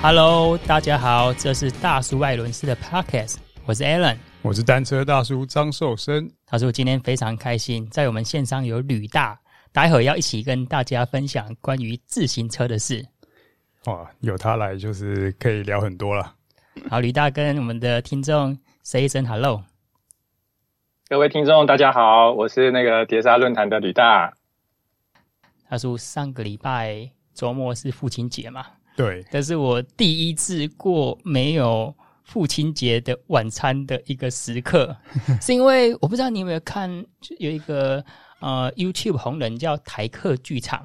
Hello，大家好，這是大叔愛輪式的 Podcast，我是 Alan，我是單車大叔張壽生，大叔今天非常開心，在我們線上有呂大，待會兒要一起跟大家分享關於自行車的事。哇，有他來就是可以聊很多了。好，呂大跟我們的聽眾 Say 一聲 Hello。各位聽眾，大家好，我是那個碟煞論壇的呂大。大叔，上個禮拜週末是父親節嘛？對，這是我第一次過沒有父親節的晚餐的一個時刻， 是因為我不知道你有沒有看，有一個呃 YouTube 紅人叫台客劇場。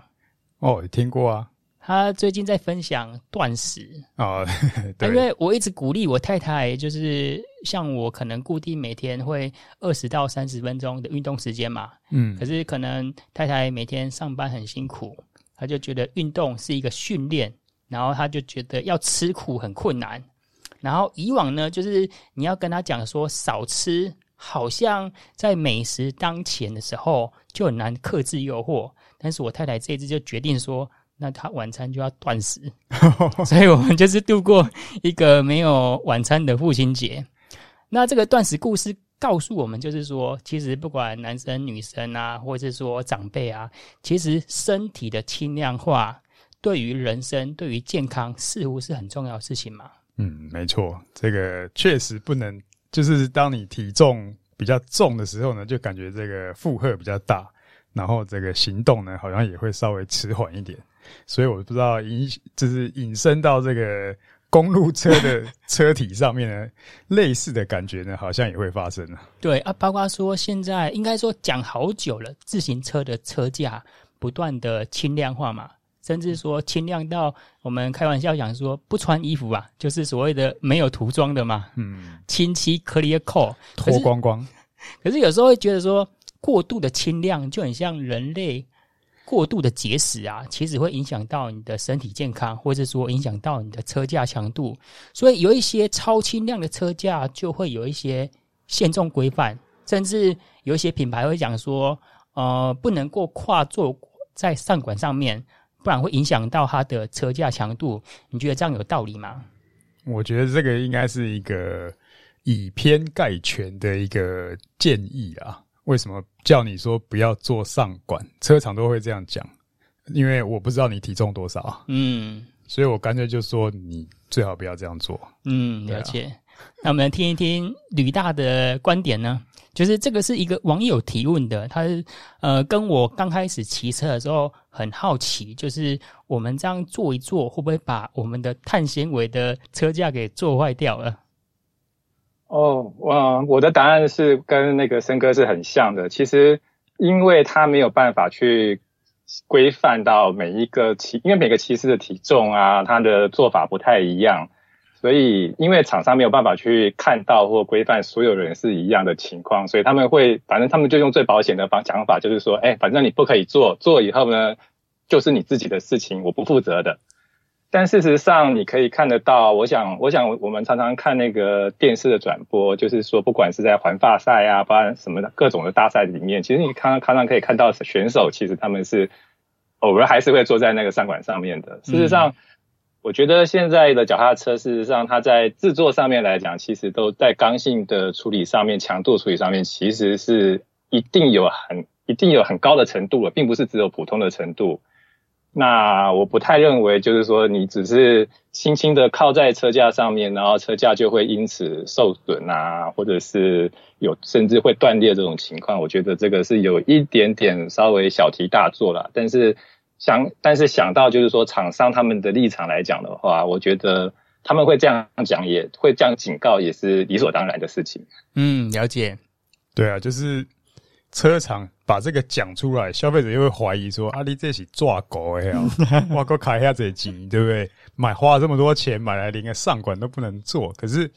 哦，聽過啊。他最近在分享斷食啊，哦、 對因為我一直鼓勵我太太，就是像我可能固定每天會二十到三十分鐘的運動時間嘛，嗯，可是可能太太每天上班很辛苦，她就覺得運動是一個訓練。然後他就覺得要吃苦很困難，然後以往呢，就是你要跟他講說少吃，好像在美食當前的時候就很難克制誘惑。但是我太太這次就決定說，那他晚餐就要斷食，所以我們就是度過一個沒有晚餐的父親節。那這個斷食故事告訴我們，就是說，其實不管男生女生啊，或者是說長輩啊，其實身體的輕量化。對於人生，對於健康，似乎是很重要的事情嘛？嗯，沒錯，這個確實不能，就是當你體重比較重的時候呢，就感覺這個負荷比較大，然後這個行動呢，好像也會稍微遲緩一點。所以我不知道引，就是引申到這個公路車的車體上面呢， 類似的感覺呢，好像也會發生了啊。對啊，包括說現在應該說講好久了，自行車的車架不斷的輕量化嘛。甚至說輕量到我們開玩笑講說不穿衣服啊，就是所謂的沒有塗裝的嘛，嗯，清漆 clear core 脫光光可。可是有時候會覺得說過度的輕量就很像人類過度的節食啊，其實會影響到你的身體健康，或是說影響到你的車架強度。所以有一些超輕量的車架就會有一些限重規範，甚至有一些品牌會講說，呃，不能夠跨坐在上管上面。不然會影響到它的車架強度你覺得這樣有道理嗎？我覺得這個應該是一個以偏概全的一個建議啊。為什麼叫你說不要坐上管？車廠都會這樣講，因為我不知道你體重多少。嗯，所以我乾脆就說你最好不要這樣做。嗯，了解。啊。那我們來聽一聽呂大的觀點呢？就是這個是一個網友提問的，他是呃跟我剛開始騎車的時候很好奇，就是我們這樣坐一坐會不會把我們的碳纖維的車架給坐壞掉了？哦，哇，我的答案是跟那個森哥是很像的。其實因為他沒有辦法去規範到每一個騎，因為每個騎士的體重啊，他的做法不太一樣。所以，因為廠商沒有辦法去看到或規範所有人是一樣的情況，所以他們會，反正他們就用最保險的方想法，就是說，哎、欸，反正你不可以做，做以後呢，就是你自己的事情，我不負責的。但事實上，你可以看得到，我想，我想我們常常看那個電視的轉播，就是說，不管是在環法賽啊，包括什麼的各種的大賽裡面，其實你常常可以看到選手，其實他們是偶爾還是會坐在那個上管上面的。事實上。嗯我覺得現在的腳踏車，事實上它在製作上面來講，其實都在剛性的處理上面、強度處理上面，其實是一定有很、一定有很高的程度了，並不是只有普通的程度。那我不太認為，就是說你只是輕輕的靠在車架上面，然後車架就會因此受損啊，或者是有甚至會斷裂這種情況。我覺得這個是有一點點稍微小題大做了，但是。想，但是想到就是說，廠商他們的立場來講的話，我覺得他們會這樣講，也會這樣警告，也是理所當然的事情。嗯，了解。對啊，就是車廠把這個講出來，消費者又會懷疑說，啊，你這是抓狗哎呀， 我靠，卡一下這些機，對不對？買花了這麼多錢，買來連個上管都不能坐。可是，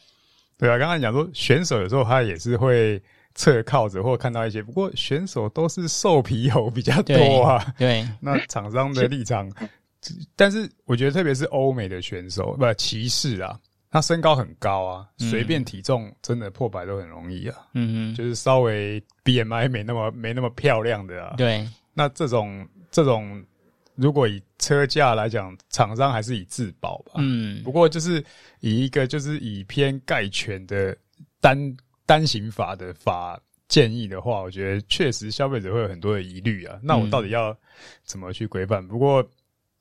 對啊，剛剛講說選手有時候他也是會。側靠着或看到一些，不過選手都是瘦皮猴比較多啊。對，對 那廠商的立場， 但是我覺得特別是歐美的選手，不，騎士啊，他身高很高啊，隨、嗯、便體重真的破百都很容易啊。嗯嗯，哼，就是稍微 BMI 沒那麼沒那麼漂亮的啊。對，那這種這種，如果以車架來講，廠商還是以自保吧。嗯，不過就是以一個就是以偏概全的單。單行法的法建議的話，我覺得確實消費者會有很多的疑慮啊。那我到底要怎麼去規範？嗯、不過，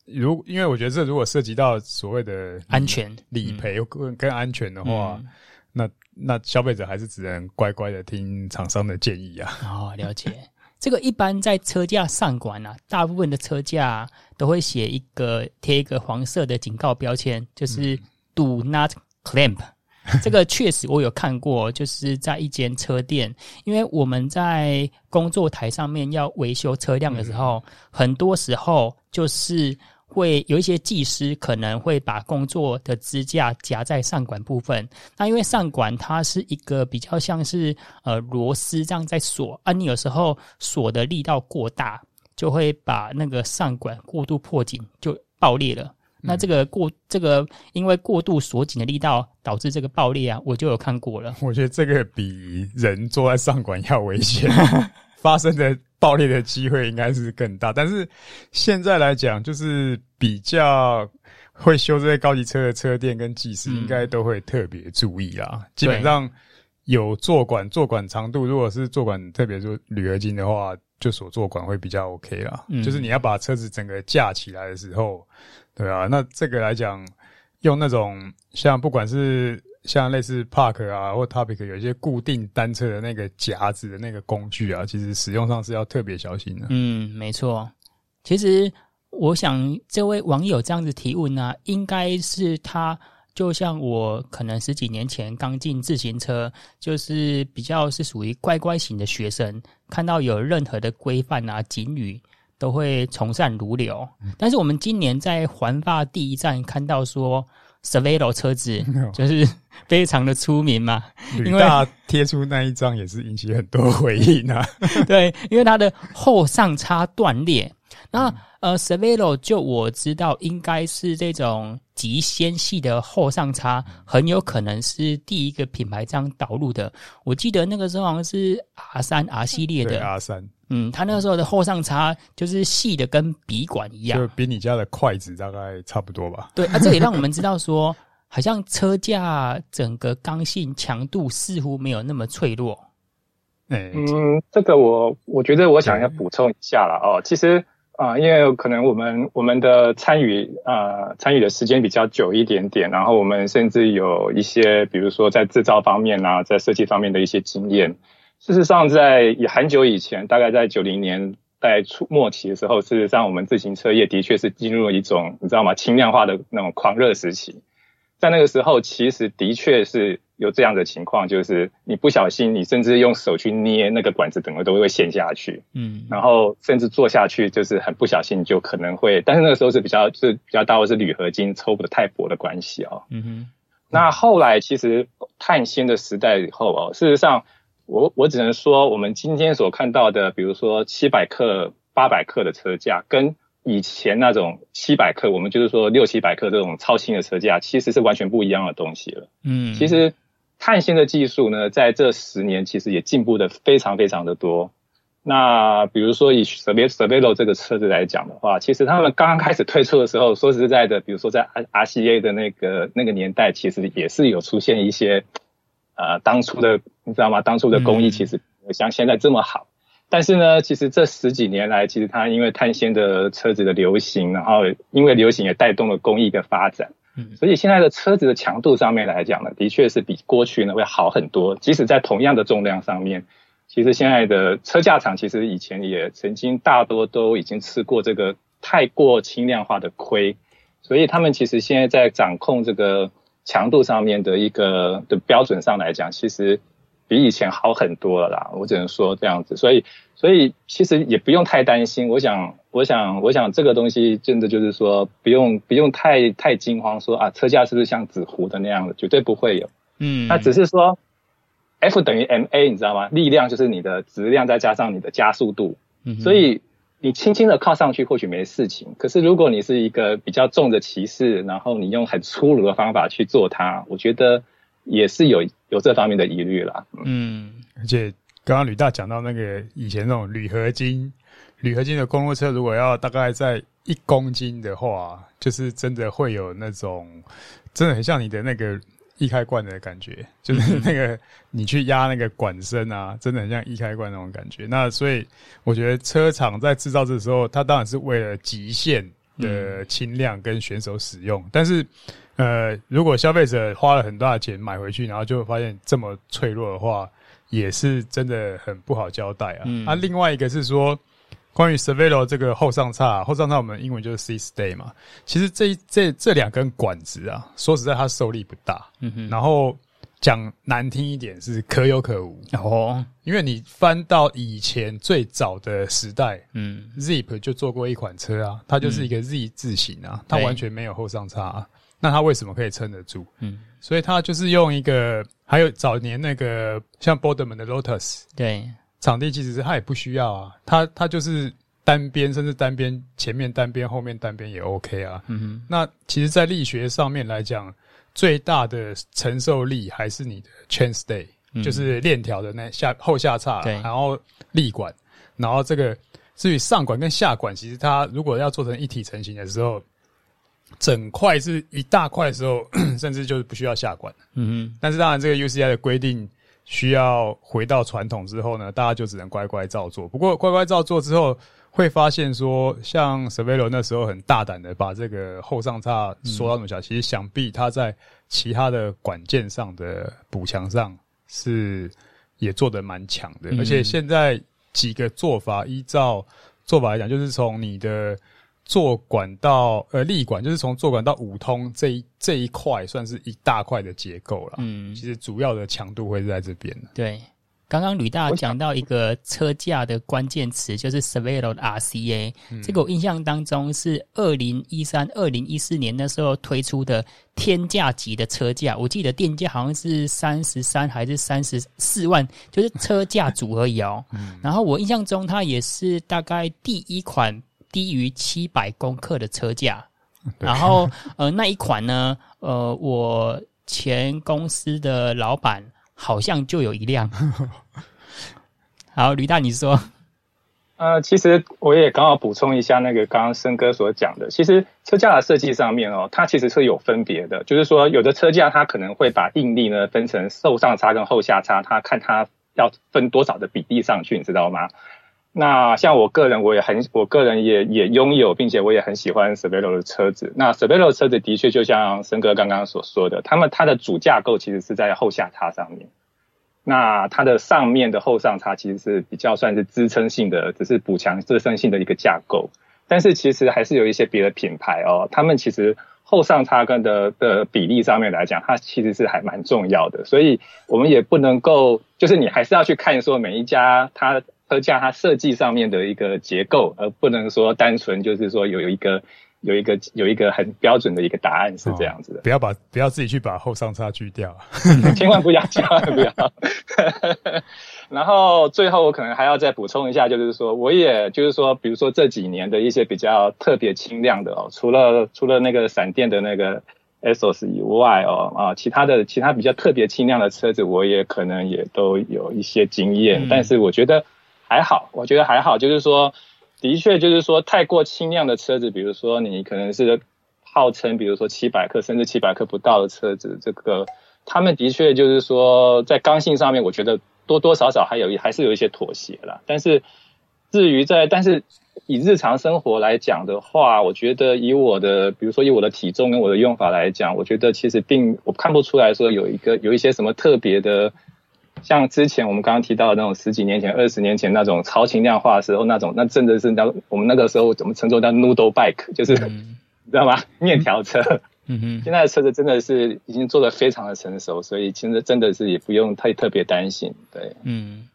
如因為我覺得這如果涉及到所謂的安全理賠更更安全的話，嗯、那那消費者還是只能乖乖的聽廠商的建議啊。哦，了解。 這個一般在車架上管啊，大部分的車架、啊、都會寫一個貼一個黃色的警告標籤，就是 “Do not clamp”。嗯 這個確實我有看過，就是在一間車店，因為我們在工作台上面要維修車輛的時候，嗯、很多時候就是會有一些技師可能會把工作的支架夾在上管部分。那因為上管它是一個比較像是呃螺絲這樣在鎖，啊，你有時候鎖的力道過大，就會把那個上管過度破緊就爆裂了。那這個過這個因為過度鎖緊的力道導致這個爆裂啊，我就有看過了。我覺得這個比人坐在上管要危險， 發生的爆裂的機會應該是更大。但是現在來講，就是比較會修這些高級車的車店跟技師，應該都會特別注意啦。嗯、基本上有坐管，坐管長度如果是坐管，特別是鋁合金的話，就鎖坐管會比較 OK 啦。嗯、就是你要把車子整個架起來的時候。對啊，那這個來講，用那種像不管是像類似 Park 啊或 Topeak 有一些固定單車的那個夾子的那個工具啊，其實使用上是要特別小心的，啊。嗯，沒錯。其實我想這位網友這樣子提問呢，啊，應該是他就像我可能十幾年前剛進自行車，就是比較是屬於乖乖型的學生，看到有任何的規範啊、警語。都會從善如流，但是我們今年在環法第一站看到說，Cervelo 車子就是非常的出名嘛。No, 因為呂大貼出那一張也是引起很多回應啊。 對，因為它的後上叉斷裂。那呃，Cervelo，就我知道，應該是這種極纖細的後上叉，很有可能是第一個品牌這樣導入的。我記得那個時候好像是 R 三 R 系列的。對 R 三，嗯，他那個時候的後上叉就是細的跟筆管一樣，就比你家的筷子大概差不多吧。對啊，這也讓我們知道說， 好像車架整個剛性強度似乎沒有那麼脆弱。欸、嗯，這個我我覺得我想要補充一下了哦，嗯、其實。啊，因為可能我們我們的參與啊、呃、參與的時間比較久一點點，然後我們甚至有一些，比如說在製造方面啊，在設計方面的一些經驗。事實上，在很久以前，大概在九零年代初末期的時候，事實上我們自行車業的確是進入了一種，你知道嗎？輕量化的那種狂熱時期。在那個時候，其實的確是。有這樣的情況，就是你不小心，你甚至用手去捏那個管子，整個都會陷下去。嗯，然後甚至坐下去，就是很不小心你就可能會，但是那個時候是比較，就是比較大，是鋁合金抽不得太薄的關係哦。嗯，那後來其實碳纖的時代以後哦，事實上，我我只能說，我們今天所看到的，比如說七百克、八百克的車架，跟以前那種七百克，我們就是說六七百克這種超輕的車架，其實是完全不一樣的東西了。嗯，其實。碳纖的技術呢，在這十年其實也進步的非常非常的多。那比如說以 Cervélo Cervélo 這個車子來講的話，其實他們剛剛開始推出的時候，說實在的，比如說在 R RCA 的那個那個年代，其實也是有出現一些，呃，當初的你知道嗎？當初的工藝其實不像現在這麼好。但是呢，其實這十幾年來，其實它因為碳纖的車子的流行，然後因為流行也帶動了工藝的發展。所以現在的車子的強度上面來講呢，的確是比過去呢會好很多。即使在同樣的重量上面，其實現在的車架廠其實以前也曾經大多都已經吃過這個太過輕量化的虧，所以他們其實現在在掌控這個強度上面的一個的標準上來講，其實。比以前好很多了啦，我只能說這樣子，所以所以其實也不用太擔心，我想我想我想這個東西真的就是說不用不用太太驚慌說，說啊車架是不是像紙糊的那樣子？絕對不會有，嗯，那只是說 F 等於 MA 你知道嗎？力量就是你的質量再加上你的加速度，嗯哼，所以你輕輕的靠上去或許沒事情，可是如果你是一個比較重的騎士，然後你用很粗魯的方法去做它，我覺得。也是有有這方面的疑慮啦。嗯，而且剛剛呂大講到那個以前那種鋁合金，鋁合金的公路車，如果要大概在一公斤的話，就是真的會有那種真的很像你的那個易開罐的感覺，就是那個你去壓那個管身啊，真的很像易開罐那種感覺。那所以我覺得車廠在製造這的時候，它當然是為了極限的輕量跟選手使用，嗯、但是，呃，如果消費者花了很大的錢買回去，然後就發現這麼脆弱的話，也是真的很不好交代啊。那、嗯啊、另外一個是說，關於 Cervélo 這個後上叉，後上叉我們英文就是 seat stay 嘛，其實這這這兩根管子啊，說實在它受力不大，嗯哼，然後。講難聽一點是可有可無哦，因為你翻到以前最早的時代，嗯，Zip 就做過一款車啊，它就是一個 Z 字形啊，它完全沒有後上叉，啊，那它為什麼可以撐得住？嗯，所以它就是用一個，還有早年那個像 Boardman 的 Lotus，對，場地其實是它也不需要啊，它它就是單邊甚至單邊前面單邊後面單邊也 OK 啊，嗯哼，那其實，在力學上面來講。最大的承受力還是你的 chainstay、嗯、就是鏈條的那下後下叉、啊，Okay. 然後立管，然後這個至於上管跟下管，其實它如果要做成一體成型的時候，整塊是一大塊的時候， 甚至就是不需要下管。嗯嗯哼。但是當然這個 UCI 的規定。需要回到傳統之後呢，大家就只能乖乖照做。不過乖乖照做之後，會發現說，像 Cervélo 那時候很大膽的把這個後上叉縮到那麼小，嗯、其實想必他在其他的管件上的補強上是也做得蠻強的。嗯、而且現在幾個做法，依照做法來講，就是從你的。坐管到呃立管，就是從坐管到五通這一這一塊，算是一大塊的結構了。嗯，其實主要的強度會是在這邊。對，剛剛呂大講到一個車架的關鍵詞，想就是 Cervélo RCA，嗯。這個我印象當中是二零一三、二零一四年那時候推出的天價級的車架，我記得定價好像是三十三還是三十四萬，就是車架組而已喔。嗯，然後我印象中它也是大概第一款。低於七百公克的車架，然後呃那一款呢，呃我前公司的老闆好像就有一輛。好，呂大，你說。 呃，其實我也剛好補充一下那個剛剛森哥所講的，其實車架的設計上面哦，它其實是有分別的，就是說有的車架它可能會把應力呢分成後上叉跟後下叉，它看它要分多少的比例上去，你知道嗎？那像我個人，我也很，我個人也也擁有，並且我也很喜歡 Cervélo 的車子。那 Cervélo 車子的確，就像森哥剛剛所說的，他們它的主架構其實是在後下叉上面。那它的上面的後上叉其實是比較算是支撐性的，只是補強支撐性的一個架構。但是其實還是有一些別的品牌哦，他們其實後上叉跟的的比例上面來講，它其實是還蠻重要的。所以我們也不能夠，就是你還是要去看說每一家它。架它設計上面的一個結構，而不能說單純就是說有一個有一個有一個很標準的一個答案是這樣子的。哦、不要把不要自己去把後上叉鋸掉 千，千萬不要千萬不要。 然後最後我可能還要再補充一下，就是說我也就是說，比如說這幾年的一些比較特別輕量的哦，除了除了那個閃電的那個 Aethos 以外哦啊，其他的其他比較特別輕量的車子，我也可能也都有一些經驗，嗯、但是我覺得。還好，我覺得還好，就是說，的確就是說，太過輕量的車子，比如說你可能是號稱，比如說七百克甚至七百克不到的車子，這個他們的確就是說，在剛性上面，我覺得多多少少還有一還是有一些妥協啦。但是至於在，但是以日常生活來講的話，我覺得以我的，比如說以我的體重跟我的用法來講，我覺得其實並我看不出來說有一個有一些什麼特別的。像之前我們剛剛提到的那種十幾年前，二十年前那種超輕量化的時候那種，那真的是我們那個時候怎麼稱作？叫 noodle bike，就是，嗯、你知道嗎？麵條車。嗯哼。現在的車子真的是已經做的非常的成熟，所以其實真的是也不用太特別擔心。對。嗯。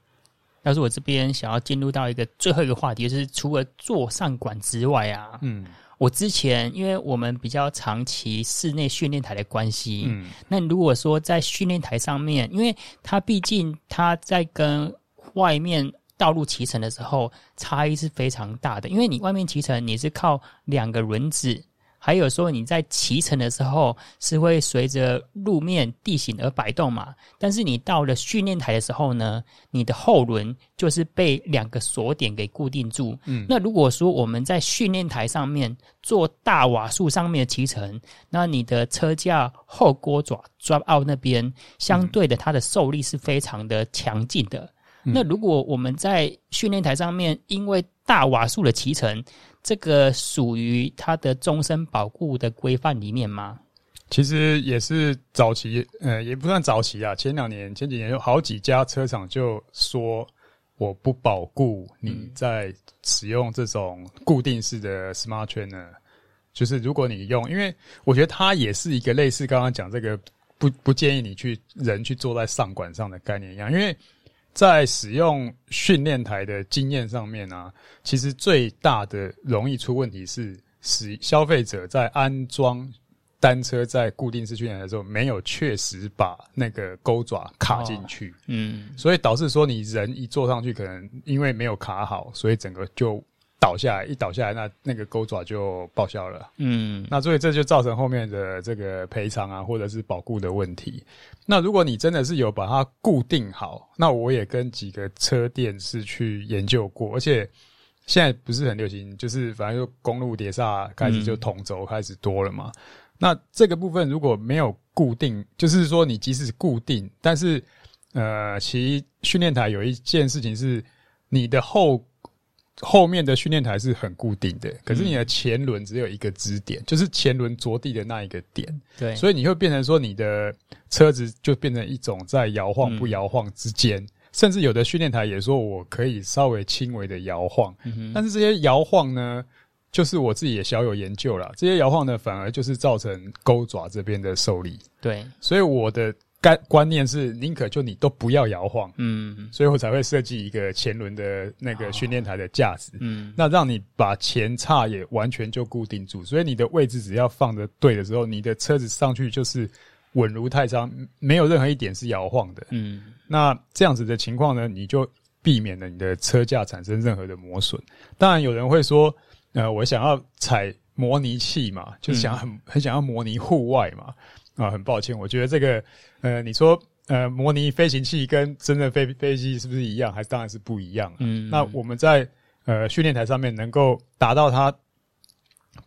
但是我這邊想要進入到一個最後一個話題，就是除了坐上管之外啊。嗯。我之前因為我們比較長期室內訓練台的關係，嗯，那如果說在訓練台上面，因為它畢竟它在跟外面道路騎乘的時候差異是非常大的，因為你外面騎乘你是靠兩個輪子。還有說你在騎乘的時候是會隨着路面地形而擺動嘛，但是你到了訓練台的時候呢，你的後輪就是被兩個鎖點給固定住。嗯，那如果說我們在訓練台上面做大瓦數上面的騎乘，那你的車架後鍋爪 drop out 那邊相對的它的受力是非常的強勁的。嗯嗯嗯、那如果我們在訓練台上面，因為大瓦數的騎乘，這個屬於它的終身保固的規範裡面嗎？其實也是早期，呃，也不算早期啊，前兩年、前幾年有好幾家車廠就說，我不保固你在使用這種固定式的 Smart Trainer，、嗯、就是如果你用，因為我覺得它也是一個類似剛剛講這個不不建議你去人去坐在上管上的概念一樣，因為。在使用訓練台的經驗上面呢、啊，其實最大的容易出問題是，使消費者在安裝單車在固定式訓練台的時候，沒有確實把那個鈎爪卡進去，哦，嗯，所以導致說你人一坐上去，可能因為沒有卡好，所以整個就。倒下來，一倒下來，那那個鈎爪就報銷了。嗯，那所以這就造成後面的這個賠償啊，或者是保固的問題。那如果你真的是有把它固定好，那我也跟幾個車店是去研究過，而且現在不是很流行，就是反正就公路碟剎開始就同軸開始多了嘛。嗯、那這個部分如果沒有固定，就是說你即使固定，但是呃，其訓練台有一件事情是你的後。後面的訓練台是很固定的，可是你的前輪只有一個支點，嗯、就是前輪着地的那一個點。對，所以你會變成說，你的車子就變成一種在搖晃不搖晃之間，嗯、甚至有的訓練台也說我可以稍微輕微的搖晃，嗯哼，但是這些搖晃呢，就是我自己也小有研究了，這些搖晃呢反而就是造成勾爪這邊的受力。對，所以我的。概觀念是寧可就你都不要搖晃，嗯，所以我才會設計一個前輪的那個訓練台的架子，哦，嗯，那讓你把前叉也完全就固定住，所以你的位置只要放得對的時候，你的車子上去就是穩如泰山，沒有任何一點是搖晃的，嗯，那這樣子的情況呢，你就避免了你的車架產生任何的磨損。當然有人會說，呃，我想要踩模擬器嘛，就想很，嗯，很想要模擬戶外嘛。啊，很抱歉，我覺得這個，呃，你說，呃，模擬飛行器跟真的飛飛機是不是一樣？還是當然是不一樣啊。嗯，嗯，那我們在呃訓練台上面能夠達到它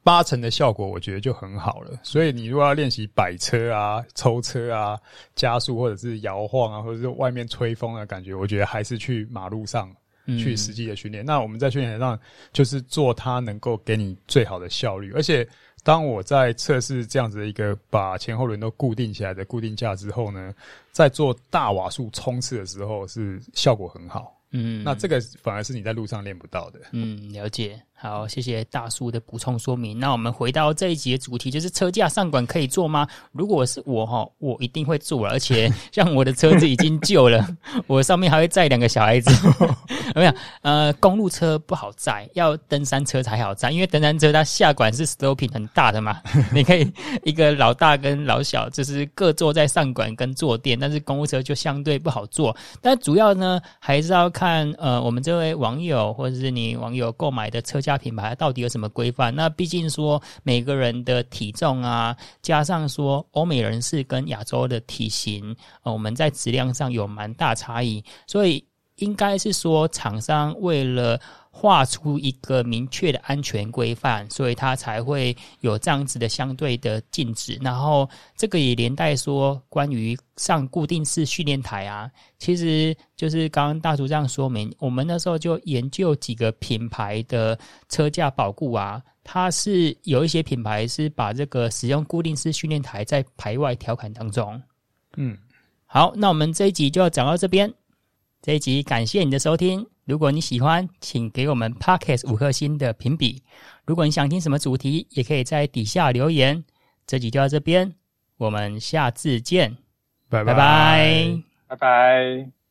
八成的效果，我覺得就很好了。所以你如果要練習擺車啊、抽車啊、加速或者是搖晃啊，或者是外面吹風的感覺，我覺得還是去馬路上去實際的訓練。嗯嗯，那我們在訓練台上就是做它能夠給你最好的效率，而且。當我在測試這樣子一個把前後輪都固定起來的固定架之後呢，在做大瓦數衝刺的時候是效果很好。嗯，那這個反而是你在路上練不到的。嗯，了解。好，謝謝大樹的補充說明。那我們回到這一集的主題，就是車架上管可以坐嗎？如果是我哈，我一定會坐，而且像我的車子已經舊了， 我上面還會載兩個小孩子。有沒有？呃，公路車不好載，要登山車才好載，因為登山車它下管是 sloping 很大的嘛， 你可以一個老大跟老小，就是各坐在上管跟坐墊。但是公路車就相對不好坐，但主要呢還是要看呃，我們這位網友或者是你網友購買的車架。品牌到底有什麼規範？那畢竟說每個人的體重啊，加上說歐美人士跟亞洲的體型，呃，我們在質量上有蠻大差異，所以應該是說廠商為了，畫出一個明確的安全規範，所以它才會有這樣子的相對的禁止。然後這個也連帶說，關於上固定式訓練台啊，其實就是剛剛大廚這樣說明。我們那時候就研究幾個品牌的車架保固啊，它是有一些品牌是把這個使用固定式訓練台在排外條款當中。嗯，好，那我們這一集就要講到這邊。這一集感謝你的收聽，如果你喜歡，請給我們 Podcast 五顆星的評比。如果你想聽什麼主題，也可以在底下留言。這集就到這邊，我們下次見，拜拜拜拜。Bye bye bye bye